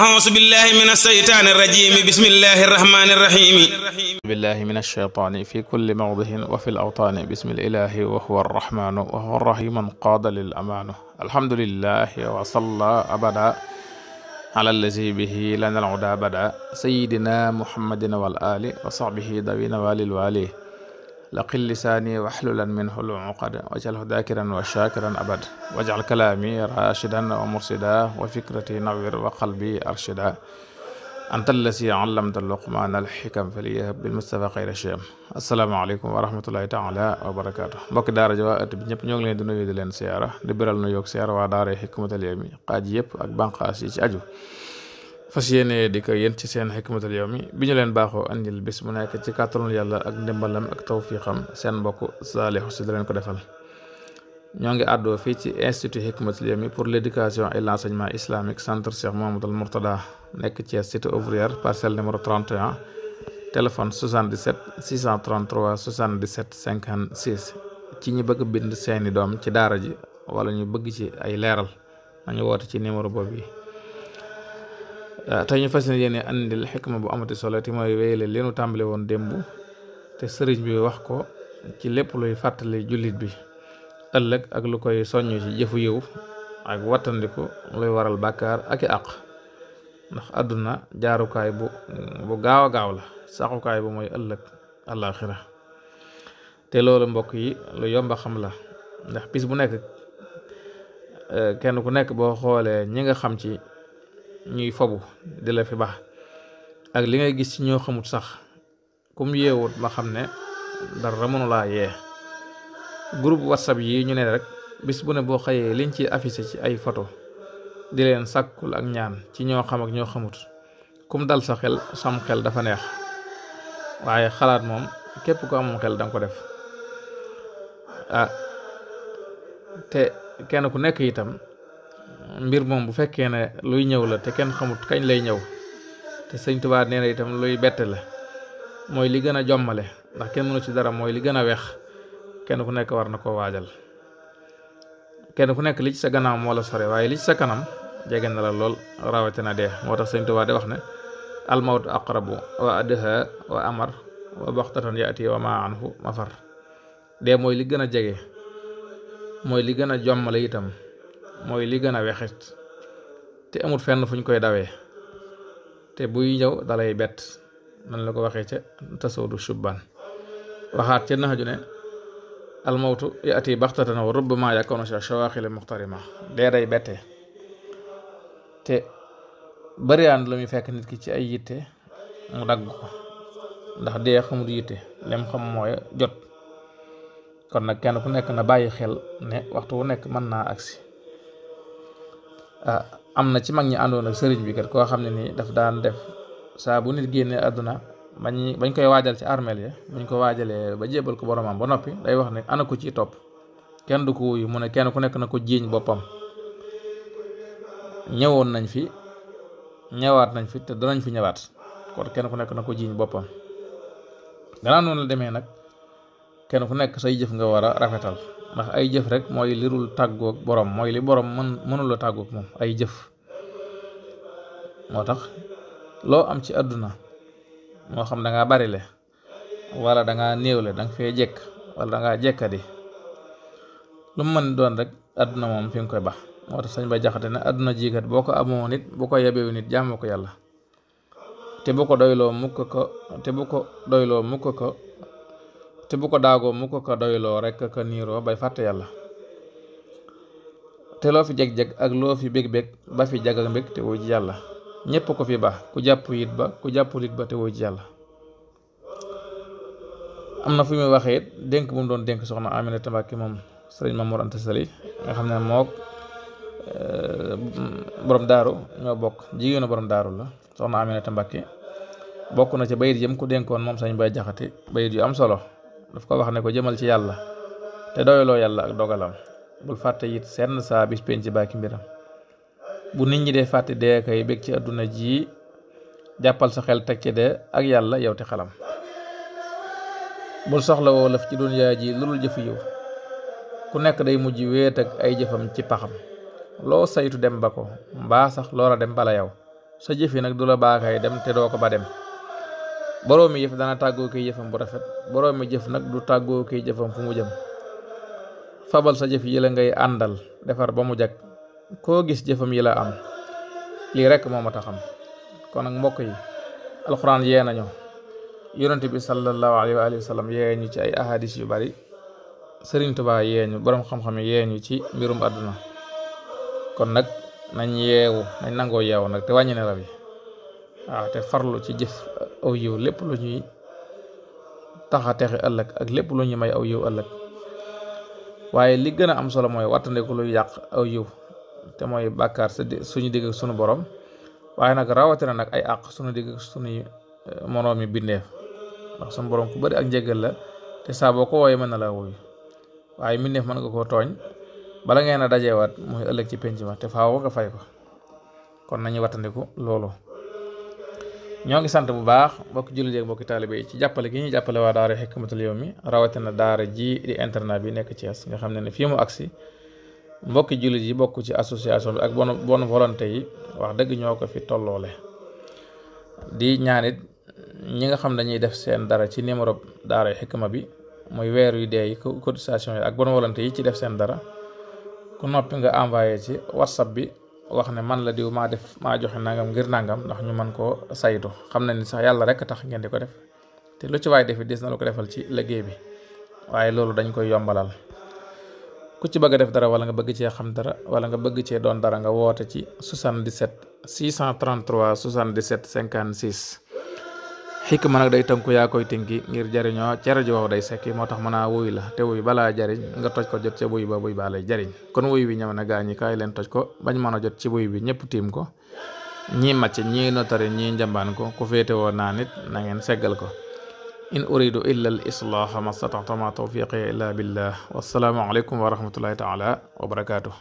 أعوذ بالله من الشيطان الرجيم بسم الله الرحمن الرحيم بالله من الشيطان في كل موضع وفي الأوطان بسم الإله وهو الرحمن وهو الرحيم قاد للأمان الحمد لله وصلى أبدا على الذي به لنا العدا بدا سيدنا محمد والآل وصحبه ذوي نوال الوالي laqil lisaani waxlulan minhu lumuqad waj'alhu daakiran wa shaakiran abad waj'al kalaami raashidan wa mursida wa fikrati nawwir wa arshida anta allasi allamta luqmaana alxikam faliyahab bil mustafa xayra shiyam asalaamaaleykum wa rahmatullahi taala wa barakaatu mbokki daara ji waa ñoo ngi leen di nuyu di leen siyaara di biral nu yoog siyaara ak banqaas yi ci aju fas yéene di ko yéen ci seen xikmatul yawmi bi ñu leen baaxoo andil bis mu nekk ci kàttanul yàlla ak ndimbalam ak tawfiixam seen mbokk Saliou Sy da leen ko defal ñoo ngi àddoo fii ci institut xikmatul yawmi pour l'éducation et l'enseignement islamique centre Cheikh Mouhamadoul Mourtada nekk ci cité ouvrière parcelle numéro 31 téléphone 77 633 77 56 ci ñi bëgg bind seeni doom ci daara ji wala ñu bëgg ci ay leeral nañu woote ci numéro boobu yi Ah, tey ñu fas yéene andil xikma bu amati solo te mooy wéyale li nu tàmbale woon démb te sëriñ bi wax ko ci lépp luy fàttali jullit bi ëllëg ak lu koy soññ ci jëfu yëw ak wattandiku luy waral bakkaar ak i àq ndax àdduna jaarukaay bu bu gaaw a gaaw la saxukaay bu mooy ëllëg àllaaxira te loolu mbokk yi lu yomba xam la ndax bis bu nekk eh, kenn ku nekk boo xoolee ñi nga xam ci ñuy fobu di la fi baax ak li ngay gis ci ñoo xamut sax kum yeewut ma xam ne dara mënu laa yee groupe whatsapp yi ñu ne rekk bés bu ne boo xëyee liñ ci affiché ci ay photo di leen sàkkul ak ñaan ci ñoo xam ak ñoo xamut kum dal sa xel sam xel dafa neex waaye xalaat moom képp ko amum xel danga ko def ah, te kenn ku nekk itam mbir moom bu fekkee ne luy ñëw la te kenn xamut kañ lay ñëw te sëñ Tuubaa nee na itam luy bette la mooy li gën a jommale ndax kenn mënu ci dara mooy li gën a wex kenn ku nekk war na ko waajal kenn ku nekk lii ci sa gannaaw moo sore waaye li sa kanam jege na la lool rawatina dee moo tax sëñ Tuubaa de wax ne almawtu aqrabu wa adha wa amar wa baxtatan yaati wa ma anhu mafar dee mooy li gën a jege mooy li gën a jommale itam mooy li gën a wexet te amul fenn fuñ koy dawee te buy ñëw dalay bett nan la ko waxee ca tasawdu shubban waxaat ca nax ju ne almawtu yaati baxtatan wa rubbama yakunu sa shawaaxili muxtarima dee day te bariwaan lu muy fekk nit ki ci ay yitte mu dagg ko ndax dee xamul yitte lem xam mooy jot kon nag kenn ku nekk na bàyyi xel ne waxtu wu nekk mën naa agsi Ah, am na ci mag ñi àndoon ak sëriñ bi kat koo xam ne nii dafa daan def saa bu nit génnee àdduna bañ bañ koy waajal ci armeel ya buñ ko waajalee ba jébbal ko boromam ba noppi day wax ne ana ko ciy topp kenn du ko wuyu mu ne kenn ku nekk na ko jiiñ boppam ñëwoon nañ fi ñëwaat nañ fi te danañ fi ñëwaat kon kenn ku nekk na ko jiiñ boppam gannaaw noonu la demee nag kenn ku nekk say jëf nga war a rafetal ndax ay jëf rek mooy lirul tàggoog borom mooy li borom mën mënula tàggoog moom ay jëf moo tax loo am ci àdduna moo xam da bari le wala da ngaa néew le da nga fee jekk wala da jekkadi lu mu mën doon rek àdduna moom fi nga koy baax moo tax sañ ba jaxate ne àdduna jiikat boo ko amoo nit bu ko yebewu nit jaamoo ko yàlla te bu ko doyloo mukk ko te bu ko doyloo mukk ko te bu ko daagoo mu ko ko doyloo rekk ka niiroo bay fàtte yàlla te loo fi jeg-jeg ak loo fi bég-bég ba fi jag ak mbég te woo ji yàlla ñépp ko fi baax ku jàpp it ba ku jàppul it ba te am na fu muy waxee dënk dénk bu mu doon dénk soxna Aminata Mbacké moom sëriñ Mamour Anta Sali xam ne mook eh, borom daaru ñoo bokk jigéenu borom daaru la soxna Aminata Mbacké bokk na ci bayit yëm ko dénkoon moom sañ bay jaxati bayit yi am solo daf ko wax ne ko jëmal ci yàlla te doyloo yàlla ak dogalam bul fàtte it senn saa bis penc ci bàkki mbiram bu nit ñi dee fàtte dee kay bég ci àdduna ji jàppal sa xel teg ci dee ak yàlla yow te xalam bul soxla woo laf ci doon yaay ji lu dul jëf yiw ku nekk day mujj wéet ak ay jëfam ci paxam loo saytu dem ba ko mbaa sax loola dem bala yow sa jëfi nag du la baakaay dem te doo ko ba dem boroomi yëf dana tàggoo koy jëfam bu rafet boroom boroomi jëf nag du tàggoo koy jëfam fu mu jëm fabal sa jëf yi la ngay àndal defar ba mu jag koo gis jëfam yi la am lii rekk moo ma xam kon nag mbokk yi alxuraan yee nañu yonent bi sallallahu alayhi wa alihi wa sallam yee ñu ci ay ahadis yu bari Sëriñ tubaa yee ñu boroom xam-xam yi yee ñu ci mbirum àdduna kon nag nañ yeewu nañ nangoo yeewu nag te wàññi nelaw yi waaw te farlu ci jëf aw yiw lépp lu ñuy taxa texe ëllëg ak lépp lu ñuy may aw yiw ëllëg waaye li gën a am solo mooy wattandiku lu yàq aw yiw te mooy bàkkaar sa suñu digg ak suñu borom waaye nag rawatina nag ay àq suñu digg ak suñuy eh, moroomi bindeef ndax suñu borom ku bari ak njëgal la te saa boo ko wooyee mën na laa wuyu waaye mbindeef mën nga koo tooñ bala ngeen a dajeewaat muy ëllëg ci penc ma te faaw nga fay ko kon nañu wattandiku loolu ñoo ngi sant bu baax mbokki jullit yeeg mbokki taalibe yi ci jàppale gi ñuy jàppale waa daara Hikmatul Yawmi rawatina daara ji di internat bi nekk Thiès nga xam ne ne fii mu agsi mbokki jullit yi bokk ci association bi ak bon bonne volonté yi wax dëgg ñoo ko fi tolloole di ñaanit ñi nga xam dañuy def seen dara ci numéro daara Hikma bi muy weer yu dee yi cotisation yi ak bonne volonté yi ci def seen dara ku noppi nga envoyé ci whatsapp bi wax ne man la diw maa def maa joxe nangam ngir nangam ndax ñu mën koo saytu xam na ni sax yàlla rek tax ngeen di ko def te lu ci waay defi des na lu ko defal ci liggéey bi waaye loolu dañ koy yombalal ku ci bëgg a def dara wala nga bëgg cee xam dara wala nga bëgg cee doon dara nga woote ci 77 633 77 56 xikma nag day tënku yaa koy tinki ngir jariñoo cere ji wow day sekki moo tax mën wuy la te wuy balaa jariñ nga toj ko jot ca buy ba buy baa lay jariñ kon wuy bi ñëw na gaa ñi kaay leen toj ko bañ mën a jot ci buy bi ñëpp tiim ko ñii màcc ñii notari ñii njambaan ko ku féete woo naa nit na ngeen seggal ko in uridu illa al islaaha ma stataxta ma tawfiqi illa billah wassalaamu aleykum wa rahmatullahi taala wa barakatuh